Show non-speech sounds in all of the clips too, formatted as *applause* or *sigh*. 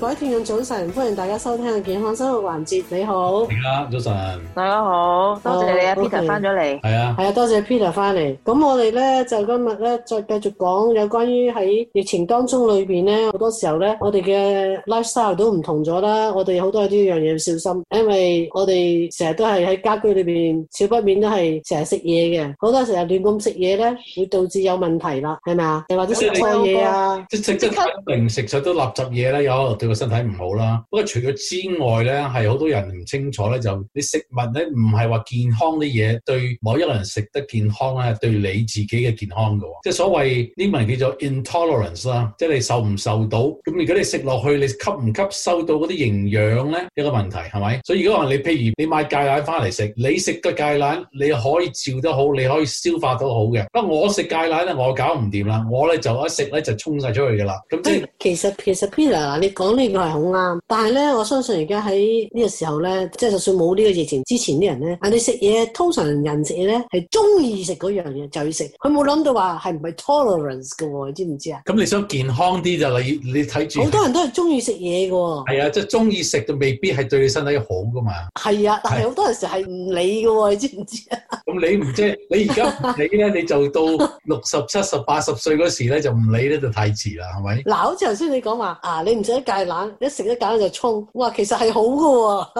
改天啊！早晨，歡迎大家收聽《健康生活環節》。你好，好啦，早晨，大家好多謝你啊，Peter 翻咗嚟，係啊，係啊，多謝 Peter 翻嚟。咁我哋咧就今日咧再繼續講有關於喺疫情當中裏邊咧好多時候咧，我哋嘅 lifestyle 都唔同咗啦。我哋好多呢樣嘢要小心，因為我哋成日都係喺家居裏邊少不免都係成日食嘢嘅，好多時候亂咁食嘢咧，會導致有問題啦，係咪啊？又或者食錯嘢啊？即即即零食都垃圾嘢啦，有。個身體唔好啦，不過除咗之外咧，係好多人唔清楚咧，就你食物咧唔係話健康啲嘢，對某一個人食得健康咧，對你自己嘅健康噶，即係所謂呢樣叫做 intolerance 啦，即係你受唔受到，咁如果你食落去，你吸唔吸收到嗰啲營養咧，一個問題係咪？所以如果話你，譬如你買芥蘭翻嚟食，你食個芥蘭你可以照得好，你可以消化到好嘅，不過我食芥蘭咧，我搞唔掂啦，我咧就一食咧就沖晒出去噶啦，咁即係其實其實 Peter，你講。呢個係好啱，但係咧，我相信而家喺呢個時候咧，即係就算冇呢個疫情之前啲人咧，啊你食嘢通常人食嘢咧係中意食嗰樣嘢就要食，佢冇諗到話係唔係 tolerance 嘅喎、哦，你知唔知啊？咁你想健康啲就你你睇住，好多人都係中意食嘢嘅喎。係啊，即係中意食就是、都未必係對你身體好噶嘛。係啊，是但係好多時係唔理嘅喎、哦，你知唔知啊？咁你唔知？你而家你咧你就到六十七十八十歲嗰時咧就唔理咧就太遲啦，係咪？嗱、啊，好似頭先你講話啊，你唔使戒。冷一食一揀就衝。嘩，其實係好嘅喎。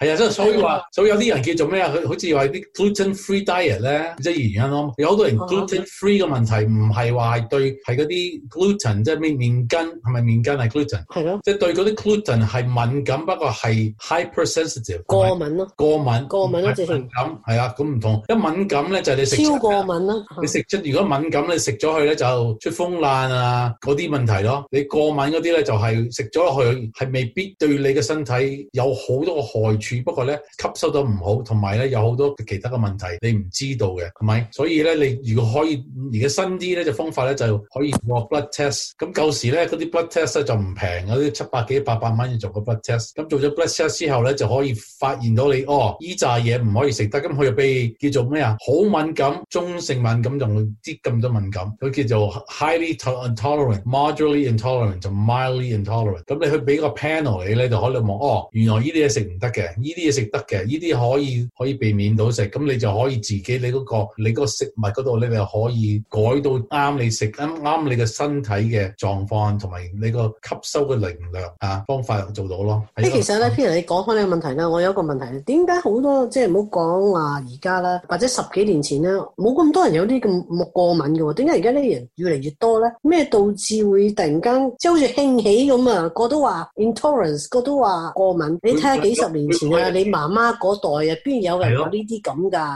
係啊，所以話所以有啲人叫做咩啊？佢好似話啲 gluten-free diet 咧，即係原因咯。有好多人 gluten-free 嘅問題唔係話係對係嗰啲 gluten，即係咩麵筋，係咪麵筋係 gluten？係咯，即係對嗰啲 gluten 係敏感，不過係 hyper sensitive 過敏咯。過敏過敏咯，即係敏感，係啊，咁唔同一敏感咧就你食超過敏咯。你食即係如果敏感咧食咗去咧就出風爛啊嗰啲問題咯。你過敏嗰啲咧就係食咗。佢係未必對你嘅身體有好多害處，不過咧，吸收到唔好，同埋咧有好多其他嘅問題你唔知道嘅，係咪？所以咧，你如果可以而家新啲咧就方法咧就可以做 blood test。咁舊時咧嗰啲 blood test 咧就唔平，嗰啲七百幾八百蚊要做個 blood test。咁做咗 blood test 之後咧就可以發現到你，哦，依紮嘢唔可以食得。咁佢又俾叫做咩啊？好敏感、中性敏感，仲會啲咁多敏感，佢叫做 highly intolerant、moderately intolerant、就 mildly intolerant 咁你去俾個 panel 你咧，就可能望哦，原來呢啲嘢食唔得嘅，呢啲嘢食得嘅，呢啲可以可以避免到食，咁你就可以自己你嗰、嗰個你個食物嗰度你就可以改到啱你食，啱啱你嘅身體嘅狀況同埋你個吸收嘅能量啊方法就做到咯。其實咧譬、嗯、如你講返呢個問題咧，我有一個問題，點解好多即係唔好講話而家啦或者十幾年前咧，冇咁多人有啲咁過敏嘅喎？點解而家呢啲人越嚟越多咧？咩導致會突然間即好似興起咁啊？都話 intolerance 個都話過敏。會你睇下幾十年前啊，你媽媽嗰代啊，邊有人有呢啲咁㗎？的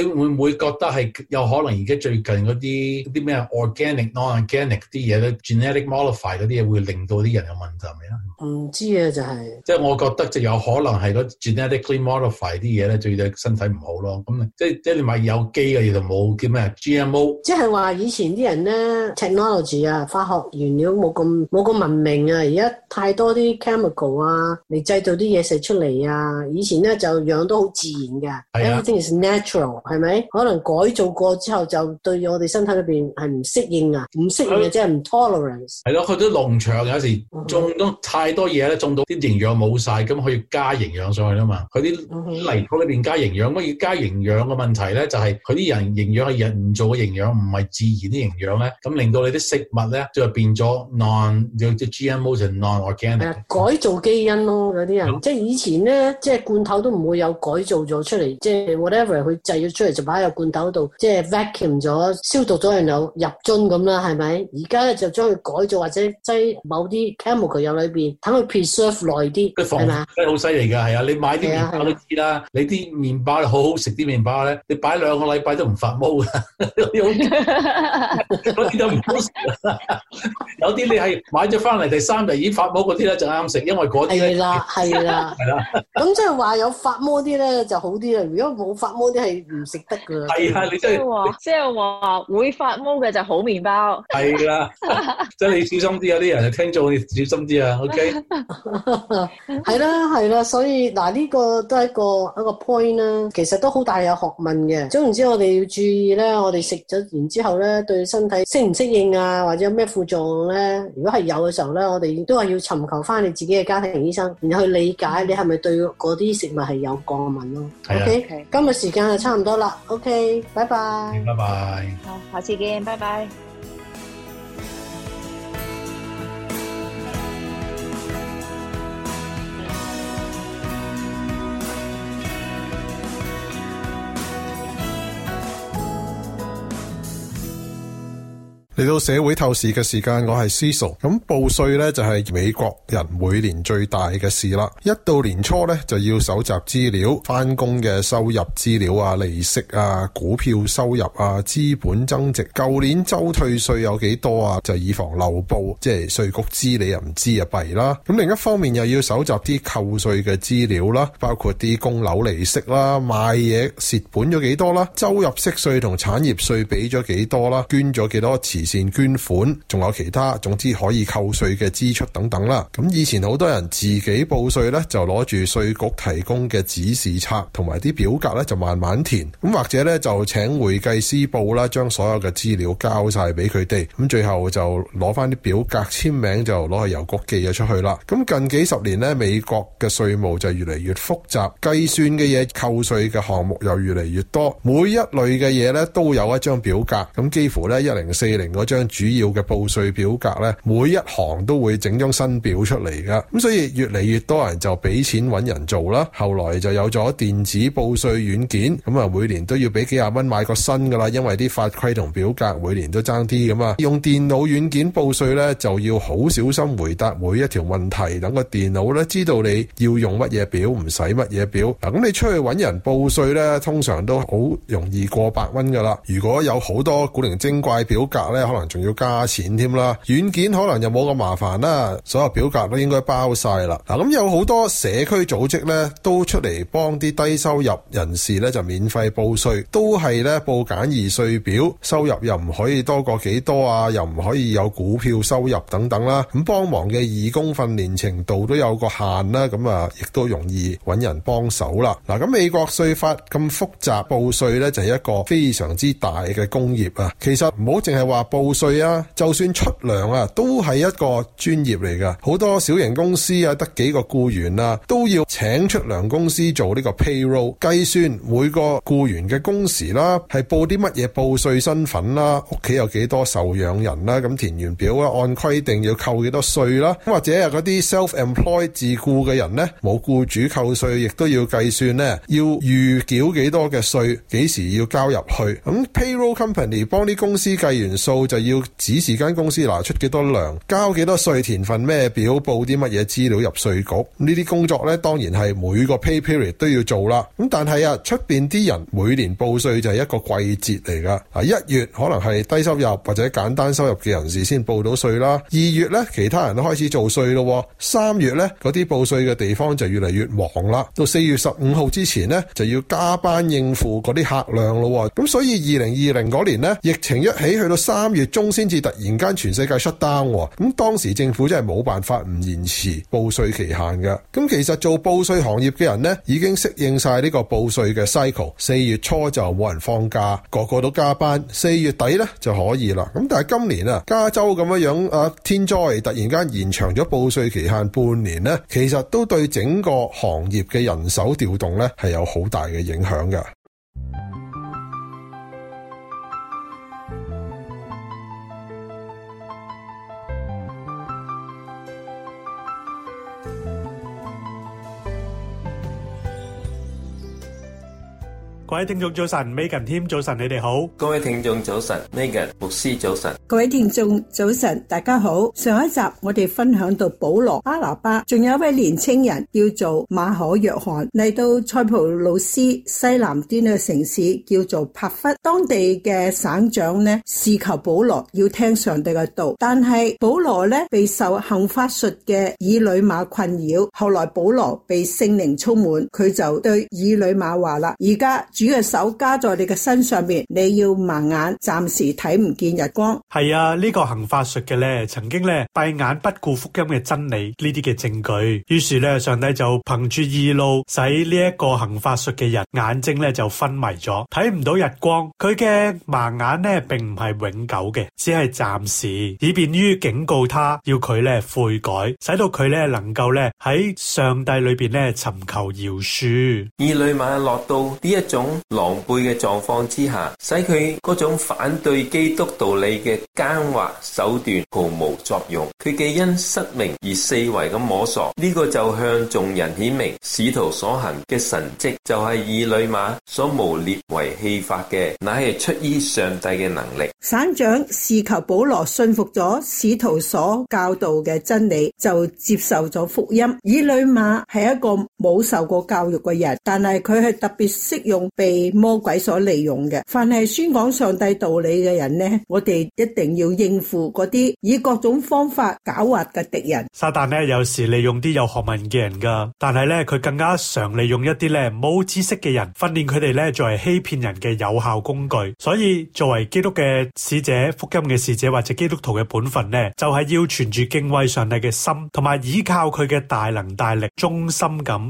你會唔會覺得係有可能而家最近嗰啲啲咩 organic、non-organic 啲嘢咧，genetic modify 嗰啲嘢會令到啲人有問題係咪啊？唔、嗯、知啊、就是，就係即係我覺得就有可能係嗰 genetically modified 啲嘢咧，對隻身體唔好咯。咁即即係你買有機嘅嘢就冇叫咩 GMO？即係話以前啲人咧，technology 啊，化學原料冇咁冇咁文明啊，而家。太多啲 chemical 啊，嚟製造啲嘢食出嚟啊！以前咧就養都好自然嘅 everything is natural，係咪？可能改造過之後，就對我哋身體裏邊係唔適應啊，唔適應嘅即係唔 tolerance。係咯的，佢啲農場有時種咗太多嘢咧，種到啲營養冇晒，咁佢要加營養上去啦嘛。佢啲泥土裏邊加營養，就是，不過要加營養嘅問題咧，就係佢啲人營養係人唔做嘅營養，唔係自然啲營養咧，咁令到你啲食物咧就變咗 non GMO *music* 改造基因咯，嗰啲人即係以前咧，即係罐頭都唔會有改造咗出嚟，即係 whatever 佢製咗出嚟就擺喺個罐頭度，即係 vacuum 咗、消毒咗然後入樽咁啦，係咪？而家咧就將佢改造或者擠某啲 chemical 入裏邊，等佢 preserve 耐啲。佢防腐劑好犀利㗎，係啊！你買啲麵包都知啦，啊啊，你啲麵包好好食啲麵包咧，你擺兩個禮拜都唔發毛㗎，啲都唔好食。有啲你係買咗翻嚟第三日已經發毛嗰啲咧就啱食，因為嗰啲係啦係啦係啦。咁即係話有發毛啲咧就好啲啦，如果冇發毛啲係唔食得㗎。係啊的，你即係即係話會發毛嘅就好麵包。係啦的，即係 *laughs* *laughs* 你小心啲，有啲人聽咗你小心啲啊。OK，係啦係啦，所以嗱呢、這個都係一個一個 point 啦。其實都好大有學問嘅。總言之，我哋要注意呢，我哋食咗然之後咧，對身體適唔適應啊，或者有咩副作咧，如果係有嘅時候咧，我哋都係要尋求翻你自己嘅家庭醫生，然後去理解你係咪對嗰啲食物係有過敏咯。OK，今日時間就差唔多啦。OK，bye bye，拜拜。拜拜。好，下次見，拜拜。嚟到社會透視嘅時間，我係 c。咁報稅咧就係、是、美國人每年最大嘅事啦。一到年初咧就要搜集資料，返工嘅收入資料啊、利息啊、股票收入啊、資本增值。舊年周退稅有幾多啊？就以防漏報，即係稅局資你知你又唔知又弊啦。咁另一方面又要搜集啲扣稅嘅資料啦、啊，包括啲供樓利息啦、啊、賣嘢蝕本咗幾多啦、啊、周入息稅同產業稅俾咗幾多啦、啊、捐咗幾多以前捐款仲有其他，總之可以扣稅嘅支出等等啦。咁以前好多人自己報稅咧，就攞住稅局提供嘅指示冊同埋啲表格咧，就慢慢填。咁或者咧就請會計師報啦，將所有嘅資料交晒俾佢哋。咁最後就攞翻啲表格簽名就攞去郵局寄咗出去啦。咁近幾十年咧，美國嘅稅務就越嚟越複雜，計算嘅嘢扣稅嘅項目又越嚟越多，每一類嘅嘢咧都有一張表格。咁幾乎咧一零四零。嗰張主要嘅報稅表格咧，每一行都會整張新表出嚟噶，咁所以越嚟越多人就俾錢揾人做啦。後來就有咗電子報稅軟件，咁啊每年都要俾幾廿蚊買個新噶啦，因為啲法規同表格每年都爭啲咁啊。用電腦軟件報稅咧，就要好小心回答每一條問題，等個電腦咧知道你要用乜嘢表，唔使乜嘢表。咁你出去揾人報稅咧，通常都好容易過百蚊噶啦。如果有好多古靈精怪表格咧。可能仲要加錢添啦，軟件可能又冇咁麻煩啦，所有表格都應該包晒啦。嗱，咁有好多社區組織呢，都出嚟幫啲低收入人士呢，就免費報稅，都係呢，報簡易稅表，收入又唔可以多過幾多啊，又唔可以有股票收入等等啦。咁幫忙嘅義工訓練程度都有個限啦，咁啊，亦都容易揾人幫手啦。嗱，咁美國稅法咁複雜，報稅呢，就係一個非常之大嘅工業啊。其實唔好淨係話。報稅啊，就算出糧啊，都係一個專業嚟噶。好多小型公司啊，得幾個雇員啊都要請出糧公司做呢個 payroll 計算每個雇員嘅工時啦，係報啲乜嘢報稅身份啦、啊，屋企有幾多受養人啦、啊，咁填完表啊按規定要扣幾多稅啦、啊。或者啊，嗰啲 self-employed 自雇嘅人呢，冇雇主扣稅，亦都要計算呢、啊，要預繳幾多嘅稅，幾時要交入去。咁 payroll company 幫啲公司計完數。就要指示間公司拿出幾多糧，交幾多稅，填份咩表，報啲乜嘢資料入稅局。呢啲工作咧，當然係每個 pay period 都要做啦。咁但係啊，出邊啲人每年報稅就係一個季節嚟噶。啊，一月可能係低收入或者簡單收入嘅人士先報到稅啦。二月咧，其他人都開始做稅咯。三月咧，嗰啲報稅嘅地方就越嚟越忙啦。到四月十五號之前咧，就要加班應付嗰啲客量咯。咁所以二零二零嗰年咧，疫情一起去到三。三月中先至突然間全世界 shut down，咁當時政府真係冇辦法唔延遲報稅期限嘅。咁其實做報稅行業嘅人呢，已經適應晒呢個報稅嘅 cycle。四月初就冇人放假，個個都加班。四月底呢就可以啦。咁但係今年啊，加州咁樣樣啊天災突然間延長咗報稅期限半年呢，其實都對整個行業嘅人手調動呢係有好大嘅影響嘅。各位聽眾早晨，Megan 添早晨，你哋好。各位聽眾早晨，Megan 牧師早晨。各位聽眾早晨，大家好。上一集我哋分享到保羅、巴拿巴，仲有一位年青人叫做馬可約翰嚟到塞浦路斯西南端嘅城市叫做帕弗。當地嘅省長呢，事求保羅要聽上帝嘅道，但係保羅呢，被受行法術嘅以呂馬困擾。後來保羅被聖靈充滿，佢就對以呂馬話啦，而家。主嘅手加在你嘅身上面，你要盲眼，暫時睇唔見日光。係啊，呢個行法術嘅咧，曾經咧閉眼不顧福音嘅真理呢啲嘅證據。於是咧，上帝就憑住異路，使呢一個行法術嘅人眼睛咧就昏迷咗，睇唔到日光。佢嘅盲眼咧，並唔係永久嘅，只係暫時，以便於警告他，要佢咧悔改，使到佢咧能夠咧喺上帝裏邊咧尋求饒恕。以呂馬落到呢一種。狼狽嘅狀況之下，使佢嗰種反對基督道理嘅奸猾手段毫無作用。佢既因失明而四圍咁摸索，呢個就向眾人顯明使徒所行嘅神蹟就係以呂馬所無列為啟法嘅，乃係出於上帝嘅能力。省長士求保羅信服咗使徒所教導嘅真理，就接受咗福音。以呂馬係一個。冇受過教育嘅人，但係佢係特別適用被魔鬼所利用嘅。凡係宣講上帝道理嘅人呢，我哋一定要應付嗰啲以各種方法狡猾嘅敵人。撒旦呢，有時利用啲有學問嘅人㗎，但係呢，佢更加常利用一啲呢，冇知識嘅人，訓練佢哋呢，作為欺騙人嘅有效工具。所以作為基督嘅使者、福音嘅使者或者基督徒嘅本分呢，就係要存住敬畏上帝嘅心，同埋倚靠佢嘅大能大力、忠心噉。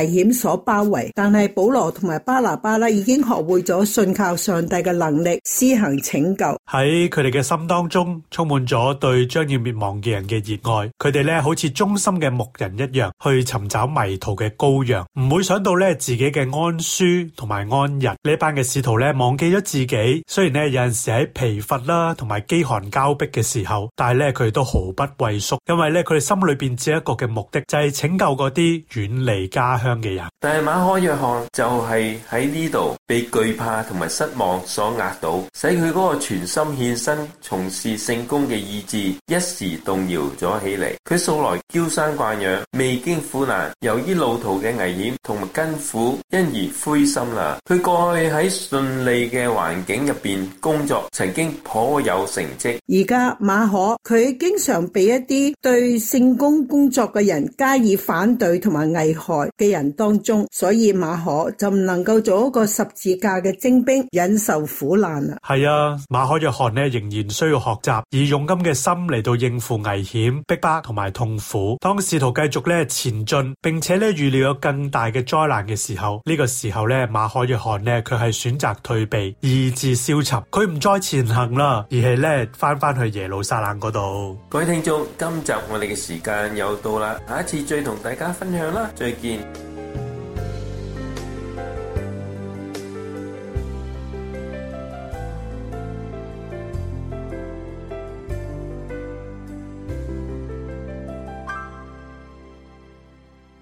危險所包圍，但係保羅同埋巴拿巴咧，已經學會咗信靠上帝嘅能力施行拯救。喺佢哋嘅心當中充滿咗對將要滅亡嘅人嘅熱愛，佢哋咧，好似忠心嘅牧人一樣去尋找迷途嘅羔羊。唔會想到咧，自己嘅安舒同埋安逸。呢班嘅使徒咧，忘記咗自己，雖然咧，有陣時喺疲乏啦同埋飢寒交迫嘅時候，但係咧，佢哋都毫不畏縮，因為咧，佢哋心裏邊只有一個嘅目的，就係拯救嗰啲遠離家鄉嘅人，但係馬可約翰就係喺呢度被懼怕同埋失望所壓倒，使佢嗰個全心獻身從事聖工嘅意志一時動搖咗起嚟。佢素來嬌生慣養，未經苦難，由於路途嘅危險同埋艱苦，因而灰心啦。佢過去喺順利嘅環境入邊工作，曾經頗有成績。而家馬可佢經常俾一啲對聖工工作嘅人加以反對同埋危害嘅。人當中，所以馬可就唔能夠做一個十字架嘅精兵，忍受苦難啊。係啊，馬可約翰呢，仍然需要學習以勇敢嘅心嚟到應付危險、逼迫同埋痛苦。當試圖繼續咧前進，並且咧預料有更大嘅災難嘅時候，呢個時候咧馬可約翰呢，佢係選擇退避，意志消沉，佢唔再前行啦，而係咧返返去耶路撒冷嗰度。各位聽眾，今集我哋嘅時間又到啦，下一次再同大家分享啦，再見。